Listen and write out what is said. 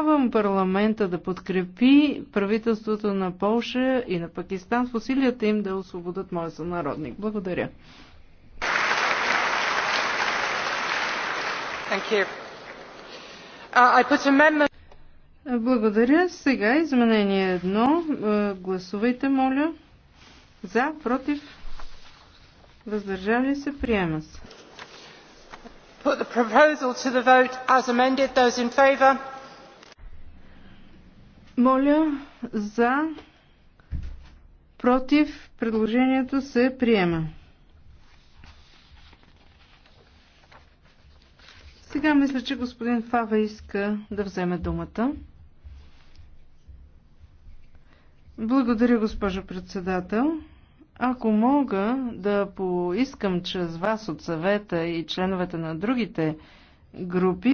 Призовавам парламента да подкрепи правителството на Полша и на Пакистан в усилията им да освободят моя сънародник. Благодаря. Uh, Благодаря. Сега изменение едно. Е, гласувайте, моля. За, против, въздържали се, приема се. Put the proposal to the vote as amended. Those in favour? Моля за против предложението се приема. Сега мисля, че господин Фава иска да вземе думата. Благодаря, госпожо председател. Ако мога да поискам чрез вас от съвета и членовете на другите групи,